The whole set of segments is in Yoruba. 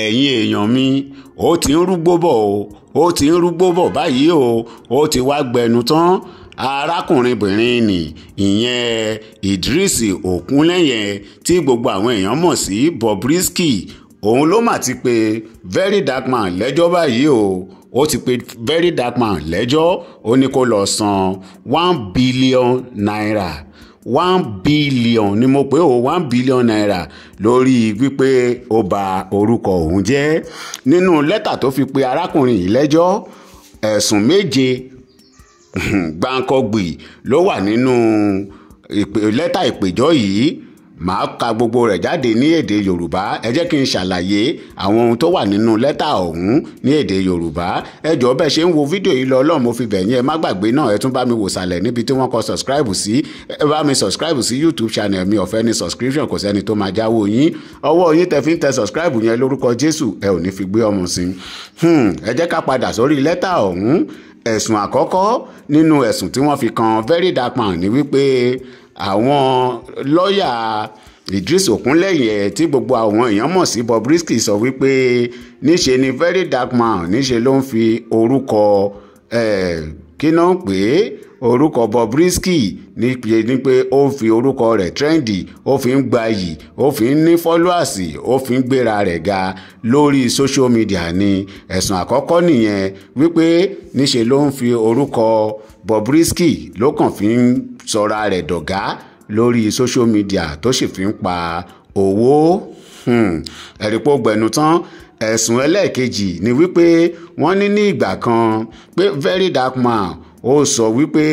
ẹ̀yin èèyàn mi ó ti ń rúgbó bọ̀ o ó ti ń rúgbó bọ̀ báyìí o ó ti wá gbẹnu tán arákùnrinbìnrin nì ìyẹn Idris Okunleye tí gbogbo àwọn èèyàn mọ̀ sí Bobrisky òun ló mà ti pe very dark man lẹ́jọ́ báyìí o ó ti pe very dark man lẹ́jọ́ ó ní kó lọ san one billion naira one billion ni mo pe o one billion naira lórí wípé ó ba orúkọ òun jẹ́ nínú lẹ́tà tó fi pe arákùnrin yìí lẹ́jọ́ ẹ̀sùn méje gbàǹkọ̀gbì ló wà nínú lẹ́tà ìpèjọ́ yìí màá ka gbogbo rẹ̀ jáde ní èdè yorùbá ẹ jẹ́ kí n ṣàlàyé àwọn ohun tó wà nínú lẹ́tà ọ̀hún ní èdè yorùbá ẹ jọ̀ọ́ bẹ́ẹ̀ ṣe ń wo fídíò yìí lọ ọlọ́run mo fi bẹ̀yìn ẹ má gbàgbé náà ẹ tún bá mi wò sàlẹ̀ níbi tí wọ́n kọ subscribe sí ẹ bá mi subscribe sí youtube channel mi ọ̀fẹ́ ni subscription kò sẹ́ni tó máa jáwó yín ọwọ́ yín tẹ fi ń tẹ subscribe yẹn lórúkọ jésù ẹ ò ní fi gbé ọmọ sí hmm, ẹ jẹ́ ká padà sórí lẹ́tà ọ̀hún ẹ̀sùn àkọ́kọ́ very dark man ni wípé àwọn lọ́ọ̀yà Idris Okunleye tí gbogbo àwọn èèyàn mọ̀ sí Bobrisky sọ wípé níṣe ni very dark man níṣe ló ń fi orúkọ eh, kí náà ń pè é orúkọ Bobrisky ní pé ó fi orúkọ rẹ̀ trendy ó fi ń gbayì ó fi ń ní followers ó fi ń gbéra rẹ̀ ga lórí social media ni ẹ̀sùn àkọ́kọ́ nìyẹn wípé níṣe ló ń fi orúkọ Bobrisky ló kàn fi ń sọra rẹ̀ dọ̀gá lórí social media tó sì fi ń pa owó hmm. ẹ̀rípò gbẹ̀nu tán ẹ̀sùn ẹlẹ́ẹ̀kejì ni wípé wọ́n ní ní ìgbà kan pé very dark man ó sọ wípé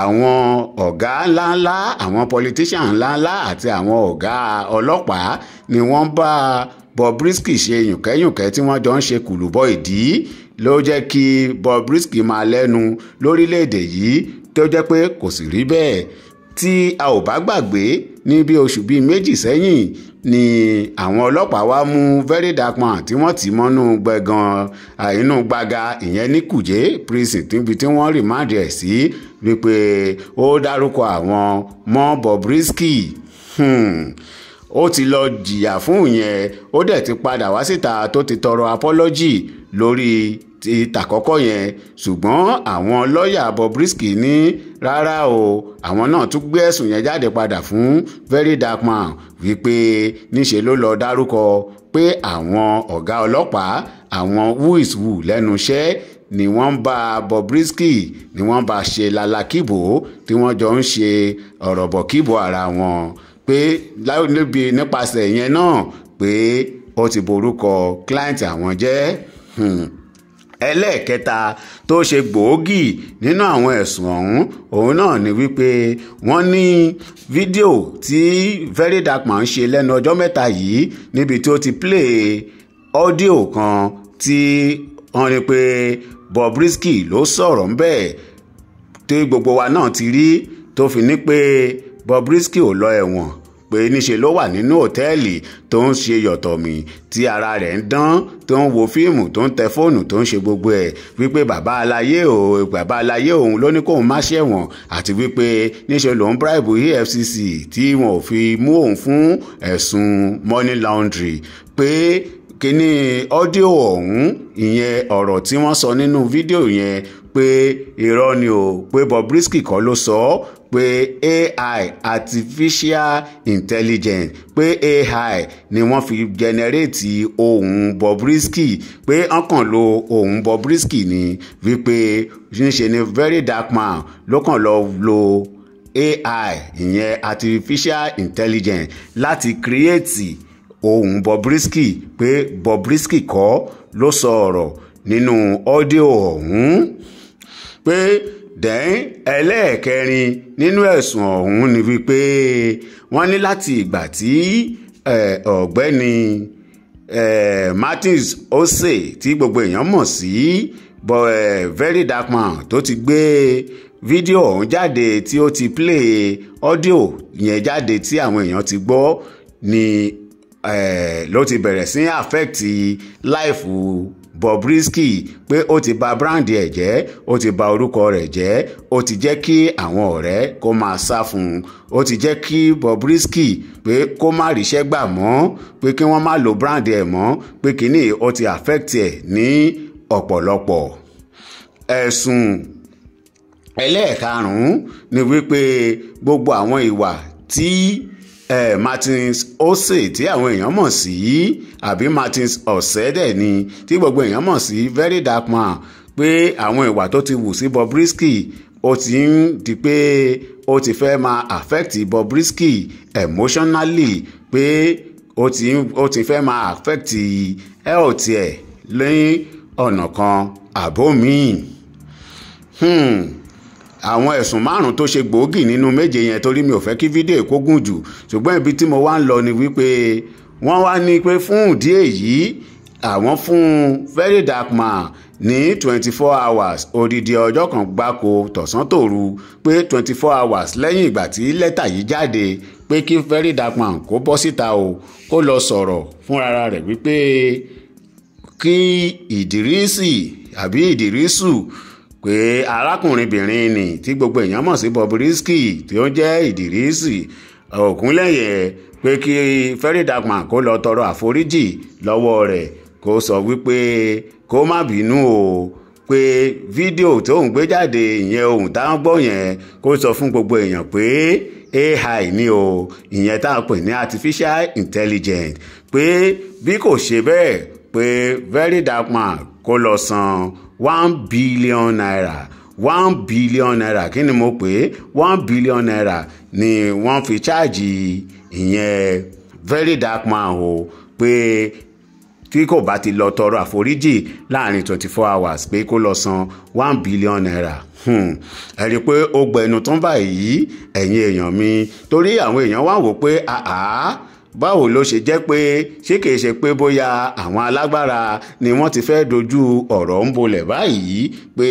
àwọn ọ̀gá ńláńlá àwọn politician ńláńlá àti àwọn ọ̀gá ọlọ́pàá ni wọ́n bá Bobrisky ṣe yùnkẹ́yùnkẹ́ tí wọ́n jọ ń ṣe kùlùbọ̀ ìdí ló jẹ́ kí Bobrisky máa lẹ́nu lórílẹ̀‐èdè yìí tó jẹ́ pé kò sì rí bẹ́ẹ̀ tí a ò bá gbàgbé ní bí oṣù bíi méjì sẹ́yìn ni àwọn ọlọ́pàá wá mú very dark man tí wọ́n ti mọ́nú gbẹ̀gàn inú gbaga ìyẹn ní Kùjé prison níbi tí wọ́n rìmáàdì ẹ̀ sí wípé ó dárúkọ àwọn mọ́ Bobrisky hmm. ó ti lọ jìyà fún ìyẹn ó dẹ̀ ti padà wá síta tó ti tọrọ apology lórí ti tàkọ́kọ́ yẹn ṣùgbọ́n àwọn lọ́ọ̀yà Bobrisky ní rárá o àwọn náà tún gbé ẹ̀sùn yẹn jáde padà fún Very Dark Man wípé níṣe ló lọ dárúkọ pé àwọn ọ̀gá ọlọ́pàá àwọn who is who lẹ́nu iṣẹ́ ni wọ́n ń bá Bobrisky ni wọ́n bá ṣe lalakíbo tí wọ́n jọ ń ṣe ọ̀rọ̀bọ̀kíbo ara wọn pé níbi nípasẹ̀ yẹn náà pé ó ti borúkọ client àwọn jẹ́ Hmm. ẹlẹ́ẹ̀kẹta tó ṣe gbòógì nínú àwọn ẹ̀sùn ọ̀hún òun náà ni wípé wọ́n ní fídíò tí verydarkman ṣe lẹ́nu ọjọ́ mẹ́ta yìí níbi tí ó ti play ọ́díò kan tí wọ́n ní pé Bobrisky ló sọ̀rọ̀ ńbẹ̀ tí gbogbo wa náà ti rí tó fi ní pé Bobrisky ò lọ ẹ̀wọ̀n pé níṣe ló wà nínú òtẹ́ẹ̀lì tó ń ṣe yọ̀tọ̀mì tí ara rẹ̀ ń dán tó ń wo fíìmù tó ń tẹ fóònù tó ń ṣe gbogbo ẹ̀ wípé bàbá aláyé o bàbá aláyé òun ló ní kóun má ṣẹ̀wọ̀n àti wípé níṣe lòun bribe EFCC tí wọn ò fi mú òun fún ẹ̀sùn money laundry pé kíní ọ́díò ọ̀hún ìyẹn ọ̀rọ̀ tí wọ́n sọ nínú fídíò yẹn pé irọ́ ni o pé Bobrisky kọ́ ló sọ ọ́ pé ai artificial intelligence pé ai ni wọ́n fi jẹnẹrétì ohùn Bobrisky pé wọ́n kàn lo ohùn Bobrisky ni wípé ṣíṣe ni very dark man ló kàn lọ lo ai ìyẹn artificial intelligence láti kírẹ́ẹ̀tì ohùn Bobrisky pé Bobrisky kọ́ ló sọ ọ̀rọ̀ nínú ọ́díò ọ̀hún pé dẹ́n ẹlẹ́ẹ̀kẹrin nínú ẹ̀sùn ọ̀hún ni wípé wọ́n ní láti ìgbà tí ọ̀gbẹ́ni Martins Ose tí gbogbo èèyàn mọ̀ sí Very Dark Man tó ti gbé fídíò ọ̀hún jáde tí ó ti play ọ́díò yẹn jáde tí àwọn èèyàn ti gbọ́ ni ló ti bẹ̀rẹ̀ sí affect life Bobrisky pé ó ti ba brand ẹ̀ jẹ́ ó ti ba orúkọ rẹ̀ jẹ́ ó ti jẹ́ kí àwọn ọ̀rẹ́ kó máa sá fún un ó ti jẹ́ kí Bobrisky pé kó má ríṣẹ́ gbà mọ́ pé kí wọ́n má lo brand ẹ̀ mọ́ pé kínní ó ti affect ẹ̀ ní ọ̀pọ̀lọpọ̀ ẹ̀sùn ẹlẹ́ẹ̀karùn ni wípé gbogbo àwọn ìwà tí Eh, Martins Ose tí àwọn èèyàn mọ̀ sí àbí Martins Ọ̀sẹ́dẹ̀ ni tí gbogbo èèyàn mọ̀ sí Very Dark Man pé àwọn ìwà tó ti wù sí Bobrisky ó ti ń di pé ó ti fẹ́ máa affect risky, emotionally pé ó ti ó ti fẹ́ máa affect health ẹ̀ lẹ́yìn ọ̀nà kan àbómi. Hmm àwọn ẹ̀sùn márùn tó ṣe gbòógì nínú méje yẹn torí mi ò fẹ́ kí fídíò kó gùn jù ṣùgbọ́n ibi tí mo wá ń lọ ni wípé wọ́n wá ní pé fún ìdí èyí àwọn fún very dark man ní twenty four hours odidi ọjọ́ kan gbáko tọ̀sán tòru pé twenty four hours lẹ́yìn ìgbà tí lẹ́tà yìí jáde pé kí very dark man kó bọ́ síta o kó lọ sọ̀rọ̀ fúnra rẹ̀ wípé kí ìdírísì àbí ìdírísù pé arákùnrinbìnrin nì tí gbogbo èèyàn mọ̀ sí Bobrisky tí ó jẹ́ Ìdírísì Ògúnlẹ̀yẹ pé kí Ferry Dagman kó lọ tọrọ àforíjì lọ́wọ́ rẹ̀ kó sọ wípé kó má bínú o pé fídíò tó ń gbé jáde ìyẹn ohun tá ń gbọ́ yẹn kó sọ fún gbogbo èèyàn pé AI ni o ìyẹn tá a pè ní artificial intelligence pé bí kò ṣe bẹ́ẹ̀ pé very dark man kó lọ san one billion naira one billion naira kí ni mo pè one billion naira ni wọ́n fi ṣáàjì ìyẹn very dark man o pé tí kò bá ti lọ tọrọ àforíjì láàrin twenty four hours pé kó lọ san one billion naira hmm. ẹ rí i pé ó gbẹnu tán báyìí ẹ̀yin èèyàn mi torí àwọn èèyàn wá wò pé àá báwo ló ṣe jẹ́ pé ṣé kìí ṣe pé bóyá àwọn alágbára ni wọ́n ti fẹ́ dojú ọ̀rọ̀ ń bolẹ̀ báyìí pé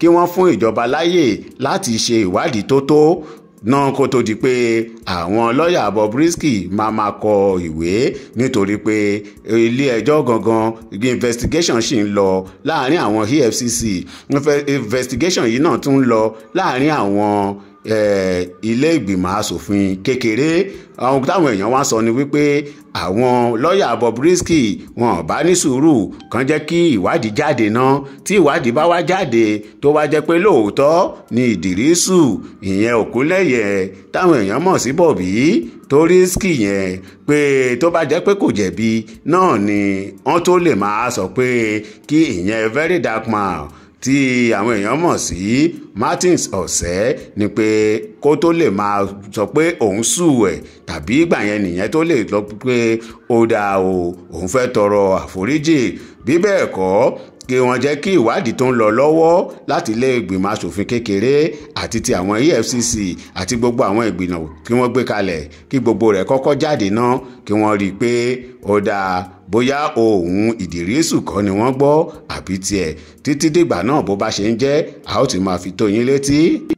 kí wọ́n fún ìjọba láyè láti ṣe ìwádìí tó tó náà kó tó di pé àwọn lọ́ọ̀yà Bobrisky máa ma kọ ìwé nítorí pé ilé ẹjọ́ gangan investigation ṣì ń lọ láàrin àwọn EFCC investigation yìí náà tún ń lọ láàrin àwọn ilé ìgbìmọ̀ asòfin kékeré àwọn táwọn èèyàn wá sọ ni wípé àwọn lọ́ọ̀yà Bobrisky wọn bá ní sùúrù kàn jẹ́ kí ìwádìí jáde náà tí ìwádìí bá wá jáde tó wá jẹ́ pé lóòótọ́ ni Ìdírísù ìyẹn Òkúnlẹ̀yẹ táwọn èèyàn mọ̀ sí Bobby Torisky yẹn pé tó bá jẹ́ pé kò jẹ̀bi náà ni wọ́n tó lè máa sọ pé kí ìyẹn very dark man tí àwọn èèyàn mọ̀ sí Martins ọ̀sẹ́ ni pé kó tó lè máa sọ pé òun sù ẹ̀ tàbí ìgbà yẹn nìyẹn tó lè lọ pé ó dáa o òun fẹ́ tọrọ àforíjì bí bẹ́ẹ̀ kọ́ kí wọ́n jẹ́ kí ìwádìí tó ń lọ lọ́wọ́ láti ilé ìgbìmọ̀ asòfin kékeré àti ti àwọn EFCC àti gbogbo àwọn ìgbìmọ̀ kí wọ́n gbé kalẹ̀ kí gbogbo rẹ̀ kọ́kọ́ jáde náà kí wọ́n rí i pé ó dáa bóyá ohun ìdírísù kọ́ ni wọ́n gbọ́ àbí tiẹ̀ títí dìgbà náà bó bá ṣe ń jẹ́ a ó ti máa fi tó yín létí.